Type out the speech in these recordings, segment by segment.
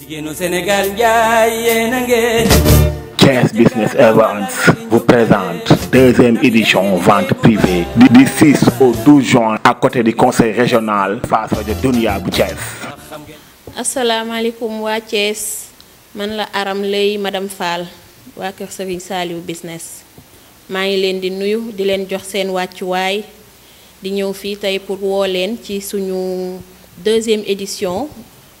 jigéenu Business Events vous présente deuxième édition vente privée du 6 au 12 juin à côté du conseil régional face au Dunia bu Assalamu alaikum Wa Thiès man la Aram Lay madame Fall wa Kër Serigne Saliou business ma ngi leen di nuyu di leen jox waccu way di ñëw fi tay pour ci suñu deuxième édition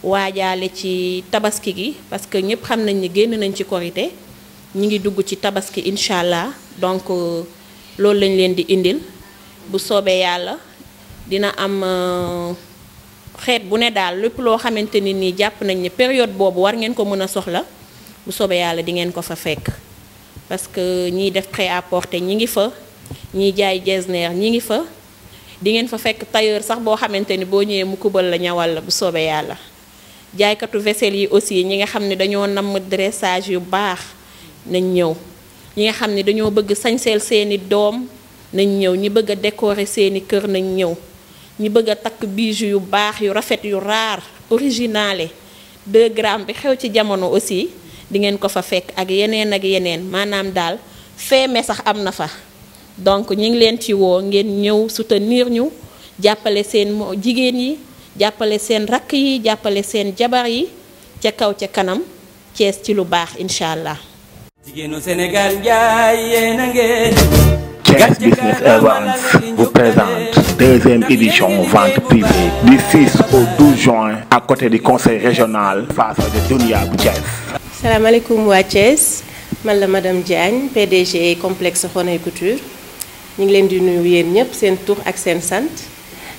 waajaale ci tabaski gi parce que ñëpp xam nañ ni génn nañ ci korité ñi ngi dugg ci tabaski incha allah donc euh, loolu lañ leen di indil bu soobee yàlla dina am euh, xeet bu ne daal lépp loo xamante ni nii jàpp nañ ne période boobu war ngeen ko mën a soxla bu soobee yàlla di ngeen ko fa fekk parce que euh, ñiy def prêt à porter ñi ngi fa ñiy jaay jesner ñi ngi fa di ngeen fa fekk tailleur sax boo xamante ni boo ñëwee mu kubal la ñawal la bu soobee yàlla jaaykatu vaisselle yi aussi ñi nga xam ne dañoo namm dressage yu baax nañ ñëw ñi nga xam ne dañoo bëgg sañseel seeni doom nañ ñëw ñi bëgg a décorer seeni kër nañ ñëw ñi bëgg a takk bijoux yu baax yu rafet yu raar originale 2 grammes bi xew ci jamono aussi di ngeen ko fa fekk ak yeneen ak yeneen maanaam daal feeme sax am na fa donc ñi ngi leen ci woo ngeen ñëw soutenir ñu jàppale seen jigéen yi jàppale sen rak yi jàppale sen jabar yi ci kaw ci kanam Thiès ci lu baax inshallah allah. Sénégal jaay ngeen. Thiès Business Advance vous présente deuxième édition vente privée du 6 au 12 juin à côté du conseil régional face de Dunia bu Salam alaikum wa Thiès man la madame Diagne PDG complexe Xonay Couture ñu ngi leen di nuyu yéen ñëpp seen tur ak seen sant.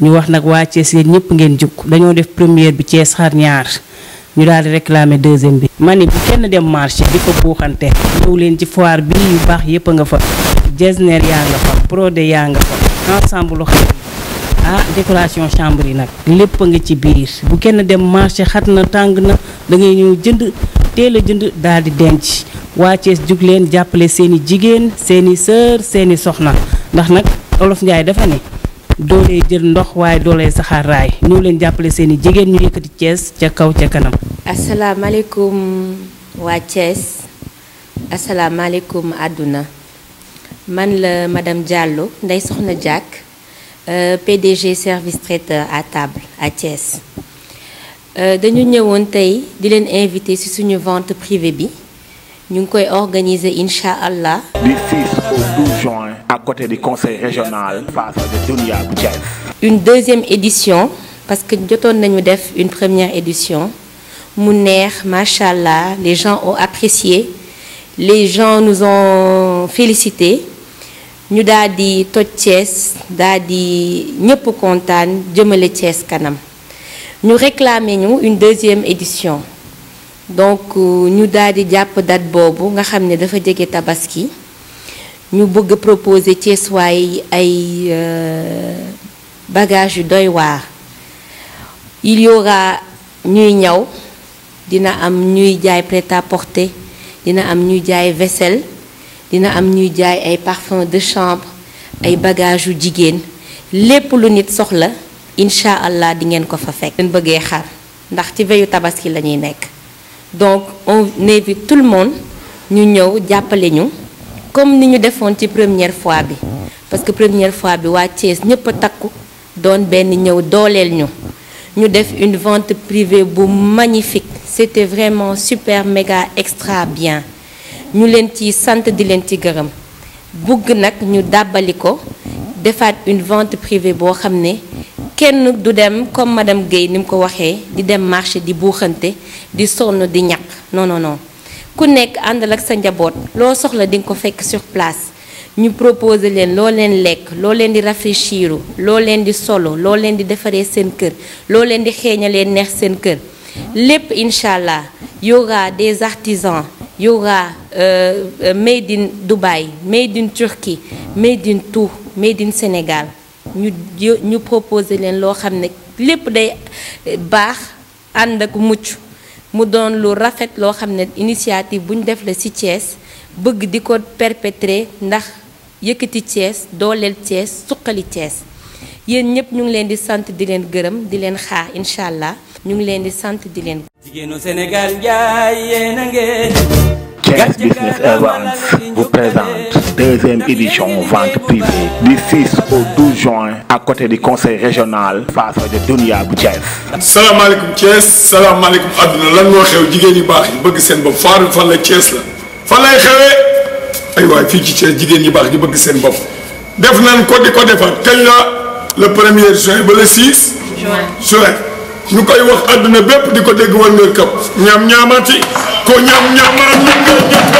ñu wax nag waa Thiès yéen ñëpp ngeen jug dañoo def première bi Thiès xar ñu daal di réclamer deuxième bi. ma ni bu kenn dem marché di ko buuxante ñëw leen ci foire bi yu baax yëpp a nga fa jesner yaa nga fa prodé yaa nga fa ensemble xar ah décoration chambre yi nag lépp a nga ci biir bu kenn dem marché xat na tàng na da ngay ñëw jënd teel a jënd daal di denc waa Thiès jug leen jàppale seen i jigéen seen i sœur seen i soxna ndax nag Olof Njaay dafa ne. doo lay jël ndox waaye doo lay saxaar raay ñoo leen jàppale seen i jigéen ñu yëkkati Thiès ca kaw ca kanam. asalaamaaleykum waa Thiès asalaamaaleykum àdduna man la madame Diallo nday Soxna Diack euh, PDG service traiteur à table à Thiès. Euh, dañu ñëwoon tey di leen invité ci suñu vente privée bi ñu ngi koy organiser incha allah. du 6 au 12 juin à côté du conseil régional face de Dunia Une deuxième édition, parce que nous avons fait une première édition. Mouner, Machallah, les gens ont apprécié, les gens nous ont félicité nous avons dit nous sommes daal nous avons kontaan nous réclamons kanam ñu réclamer une deuxième édition donc euh, ñu avons dit jàpp date nous nga xam tabaski ñu bëgg proposer Thiessois yi ay euh, bagages yu doy il y aura ñuy ñaw dina am ñuy jaay prêt-à-porter dina am ñuy jaay vaisselle dina am ñuy jaay ay parfums de chambre ay bagages yu jigéen lépp lu nit soxla inshallah allah di ngeen ko fa fek. ngeen bëggee xar ndax ci veyu tabaski la donc on invite tout le monde ñu ñëw jappalé ñu comme nous ñu defoon ci première fois bi parce que première fois bi wa Thiès ñëpp a takku don ben ñew dolel ñu ñu def une vente privée bu magnifique c'était vraiment super méga extra bien ñu leen ci sante di leen ci gërëm bugg nak ñu dabaliko defaat une vente privée bo xamné kenn du dem comme madame Guèye nim ko waxé di dem marché di buxanté di sonu di ñak non non non ku nekk àndal ak sa njaboot loo soxla di ko sur place ñu proposer les loo leen lekk de di rafraîchir loo de di solo loo leen di defaree seen kër loo leen di xeeñalee neex seen kër lépp y aura des artisans y aura euh, euh, made in Dubaï made in Turquie made in tout made in Sénégal ñu ñu proposer leen loo xam ne lépp day baax ànd mudon doon lu rafet lo xamne initiative buñ def la ci Thiès bëgg diko perpétrer ndax yëkëti Thiès dolel Thiès suqali Thiès yeen ñëpp ñu ngi leen di sante di leen gërëm di leen xaar inshallah ñu ngi leen di sante di leen. jigéenu Sénégal jaay yéen ngeen. Thiès Business Evans vous présente deuxième édition vente privée du 6 au 12 juin à côté du conseil régional face de Dunia bu salam alaikum Thiès salam alaikum lan moo xew jigéen yu baax yi bëgg seen bopp faaru fan la Thiès la fan lay xewee ay waay fii ci Thiès jigéen yu baax di bëgg seen bopp def nañ ko di ko defaat kañ la le premier juin ba le 6. juin nous koy wax à bépp di ko dégg wàllu këpp niam ñaamati ko ñaam ñaamaat ñu ngi